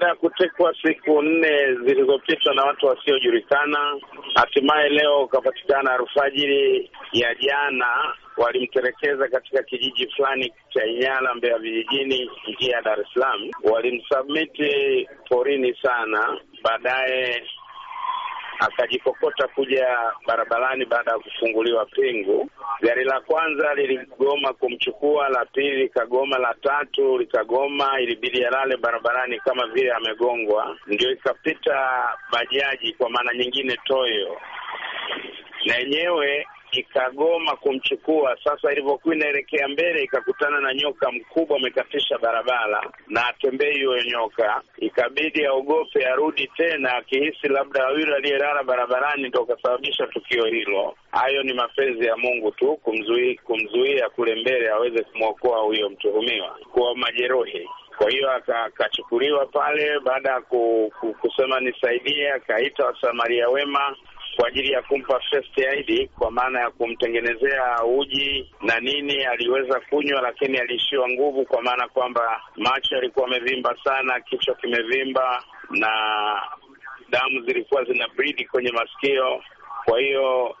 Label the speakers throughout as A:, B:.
A: baada ya kutekwa siku nne zilizopita na watu wasiojulikana, hatimaye leo ukapatikana alfajiri ya jana walimtelekeza katika kijiji fulani cha Inyala, Mbeya vijijini, njia ya Dar es Salaam. Walimsubmiti porini sana, baadaye akajikokota kuja barabarani baada ya kufunguliwa pingu. Gari la kwanza liligoma kumchukua, la pili likagoma, la tatu likagoma, ilibidi alale barabarani kama vile amegongwa, ndio ikapita bajaji, kwa maana nyingine toyo, na yenyewe ikagoma kumchukua. Sasa ilivyokuwa inaelekea mbele, ikakutana na nyoka mkubwa amekatisha barabara na atembei hiyo nyoka, ikabidi aogope arudi tena, akihisi labda wawili aliyelala barabarani ndo ukasababisha tukio hilo. Hayo ni mapenzi ya Mungu tu kumzuia, kumzui kule mbele aweze kumwokoa huyo mtuhumiwa kwa majeruhi. Kwa hiyo akachukuliwa pale baada ya kusema nisaidie, akaita wasamaria wema kwa ajili ya kumpa first aid, kwa maana ya kumtengenezea uji na nini. Aliweza kunywa, lakini aliishiwa nguvu, kwa maana kwamba macho yalikuwa amevimba sana, kichwa kimevimba na damu zilikuwa zina bridi kwenye masikio. Kwa hiyo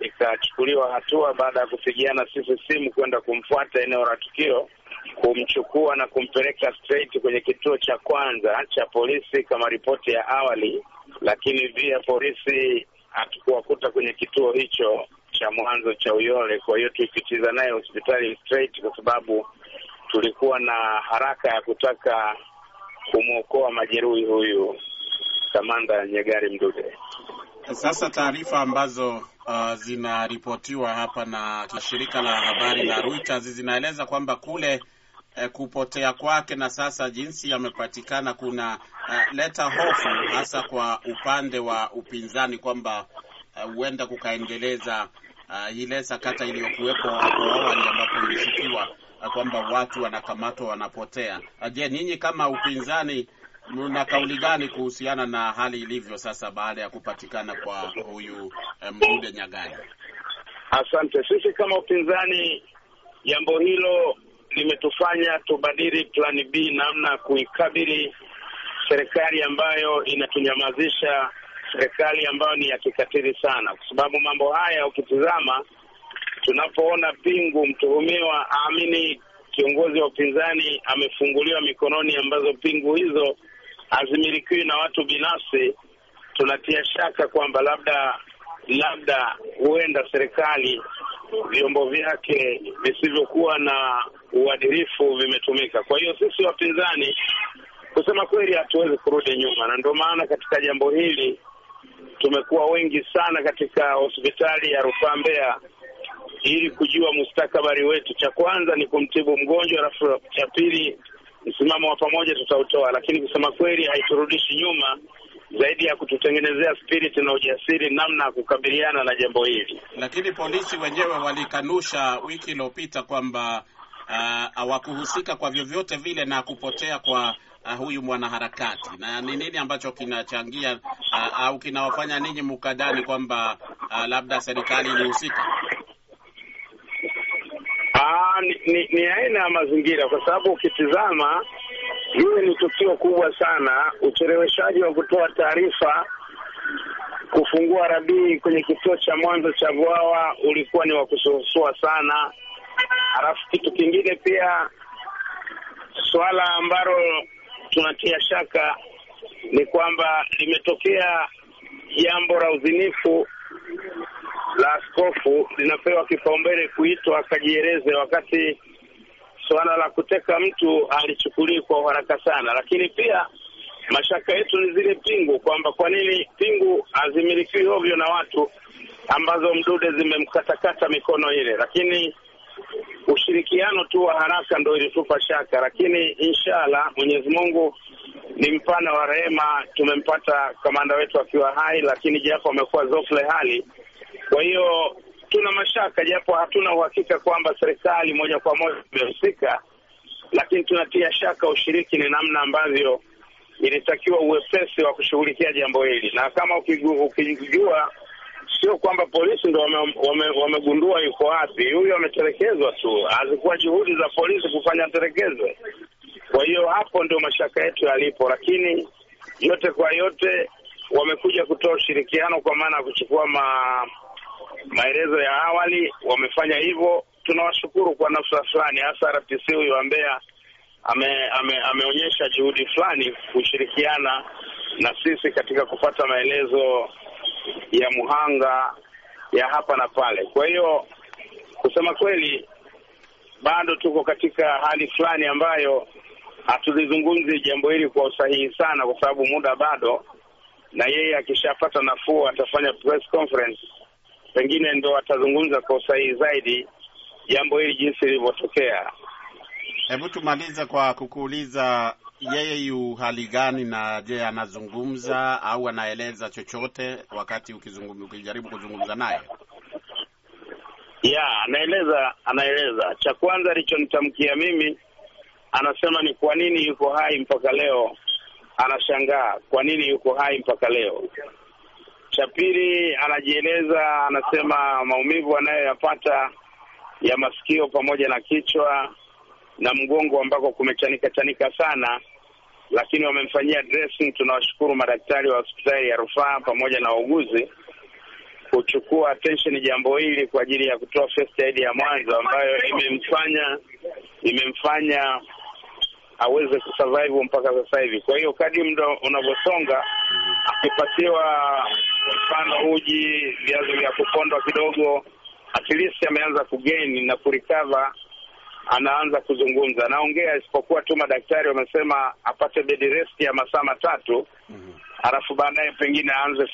A: ikachukuliwa hatua baada ya kupigiana sisi simu kwenda kumfuata eneo la tukio, kumchukua na kumpeleka straight kwenye kituo cha kwanza cha polisi kama ripoti ya awali, lakini pia polisi hatukuwakuta kwenye kituo hicho cha mwanzo cha Uyole. Kwa hiyo tulipitisha naye hospitali straight, kwa sababu tulikuwa na haraka ya kutaka kumwokoa majeruhi huyu kamanda Nyegari Mdude.
B: Sasa taarifa ambazo uh, zinaripotiwa hapa na shirika la habari la Reuters zinaeleza kwamba kule eh, kupotea kwake na sasa jinsi yamepatikana kuna uh, leta hofu hasa kwa upande wa upinzani kwamba eh, huenda uh, kukaendeleza uh, ile sakata iliyokuwepo hapo awali ambapo ilishukiwa kwamba watu wanakamatwa wanapotea. Je, ninyi kama upinzani mna kauli gani kuhusiana na hali ilivyo sasa baada ya kupatikana kwa huyu eh, Nyagani?
A: Asante. Sisi kama upinzani jambo hilo limetufanya tubadili plani B, namna ya kuikabili serikali ambayo inatunyamazisha, serikali ambayo ni ya kikatili sana, kwa sababu mambo haya ukitizama, tunapoona pingu mtuhumiwa aamini kiongozi wa upinzani amefunguliwa mikononi, ambazo pingu hizo hazimilikiwi na watu binafsi, tunatia shaka kwamba labda labda huenda serikali vyombo vyake visivyokuwa na uadilifu vimetumika. Kwa hiyo sisi wapinzani, kusema kweli, hatuwezi kurudi nyuma, na ndio maana katika jambo hili tumekuwa wengi sana katika hospitali ya rufaa Mbeya ili kujua mustakabali wetu. Cha kwanza ni kumtibu mgonjwa, alafu cha pili msimamo wa pamoja tutautoa, lakini kusema kweli haiturudishi nyuma zaidi ya kututengenezea spirit na ujasiri namna ya kukabiliana na jambo hili.
B: Lakini polisi wenyewe walikanusha wiki iliyopita kwamba uh, hawakuhusika uh, kwa vyovyote vile na kupotea kwa uh, huyu mwanaharakati. Na ni nini ambacho kinachangia uh, au kinawafanya ninyi mukadani kwamba uh, labda serikali ilihusika?
A: Aa, ah, ni, ni, ni aina ya mazingira, kwa sababu ukitizama Hili ni tukio kubwa sana, ucheleweshaji wa kutoa taarifa kufungua rabii kwenye kituo cha mwanzo cha Vwawa ulikuwa ni wa kusuasua sana. Halafu kitu kingine pia, swala ambalo tunatia shaka ni kwamba limetokea jambo la uzinifu la askofu linapewa kipaumbele kuitwa akajieleze, wakati suala la kuteka mtu alichukuliwa kwa haraka sana, lakini pia mashaka yetu ni zile pingu, kwamba kwa nini pingu hazimilikiwi ovyo na watu ambazo mdude zimemkatakata mikono ile, lakini ushirikiano tu wa haraka ndo ilitupa shaka, lakini inshallah Mwenyezi Mungu ni mpana wa rehema. Tumempata kamanda wetu akiwa hai, lakini japo amekuwa zofle hali. Kwa hiyo Tuna mashaka japo hatuna uhakika kwamba serikali moja kwa moja imehusika, lakini tunatia shaka ushiriki ni namna ambavyo ilitakiwa uwepesi wa kushughulikia jambo hili, na kama ukijua sio kwamba polisi ndo wamegundua wame, wame yuko wapi huyo, ametelekezwa tu, hazikuwa juhudi za polisi kufanya telekezwe. Kwa hiyo hapo ndio mashaka yetu yalipo, lakini yote kwa yote wamekuja kutoa ushirikiano kwa maana ya kuchukua ma maelezo ya awali wamefanya hivyo. Tunawashukuru kwa nafsa fulani, hasa RTC huyu wa Mbeya ame, ame, ameonyesha juhudi fulani kushirikiana na sisi katika kupata maelezo ya muhanga ya hapa na pale. Kwa hiyo kusema kweli, bado tuko katika hali fulani ambayo hatulizungumzi jambo hili kwa usahihi sana, kwa sababu muda bado, na yeye akishapata nafuu atafanya press conference pengine ndo watazungumza kwa usahihi zaidi jambo hili jinsi lilivyotokea.
B: Hebu tumalize kwa kukuuliza yeye yu hali gani, na je, anazungumza au anaeleza chochote wakati ukizungum, ukijaribu kuzungumza naye?
A: Ya, anaeleza anaeleza. Cha kwanza alichonitamkia mimi, anasema ni kwa nini yuko hai mpaka leo. Anashangaa kwa nini yuko hai mpaka leo. Cha pili, anajieleza anasema maumivu anayoyapata ya masikio pamoja na kichwa na mgongo ambako kumechanika chanika sana, lakini wamemfanyia dressing. Tunawashukuru madaktari wa hospitali ya rufaa pamoja na wauguzi kuchukua attention jambo hili kwa ajili ya kutoa first aid ya mwanzo ambayo imemfanya imemfanya aweze kusurvive mpaka sasa hivi. Kwa hiyo kadri muda unavyosonga, akipatiwa mfano uji, viazi vya kupondwa kidogo, at least ameanza kugeni na kurikava, anaanza kuzungumza, anaongea, isipokuwa tu madaktari wamesema apate bed rest ya masaa matatu mm -hmm. Alafu baadaye pengine aanze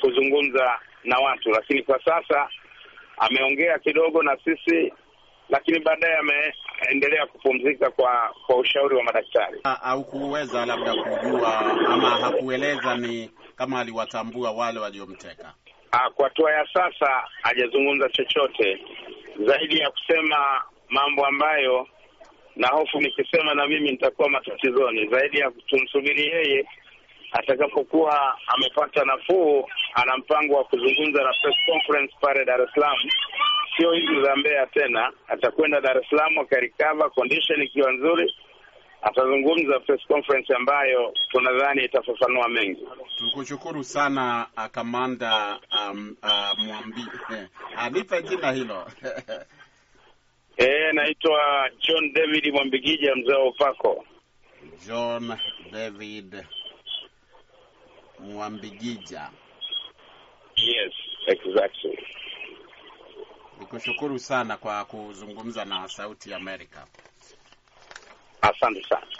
A: kuzungumza na watu, lakini kwa sasa ameongea kidogo na sisi, lakini baadaye endelea kupumzika kwa kwa ushauri wa madaktari.
B: Haukuweza labda kujua ama hakueleza ni kama aliwatambua wale
A: waliomteka? Kwa hatua ya sasa hajazungumza chochote zaidi ya kusema mambo ambayo na hofu nikisema na mimi nitakuwa matatizoni zaidi ya tumsubiri yeye atakapokuwa amepata nafuu. Ana mpango wa kuzungumza na press conference pale Dar es Salaam sio hivi za Mbeya tena, atakwenda Dar es Salaam akarikava condition ikiwa nzuri, atazungumza press conference ambayo tunadhani itafafanua mengi.
B: Tukushukuru sana uh, kamanda um, uh, Mwambi anipe uh, jina hilo
A: E, naitwa John David Mwambigija mzee wa Upako.
B: John David Mwambigija.
A: Yes, exactly
B: nikushukuru sana kwa kuzungumza na Sauti Amerika. Asante sana.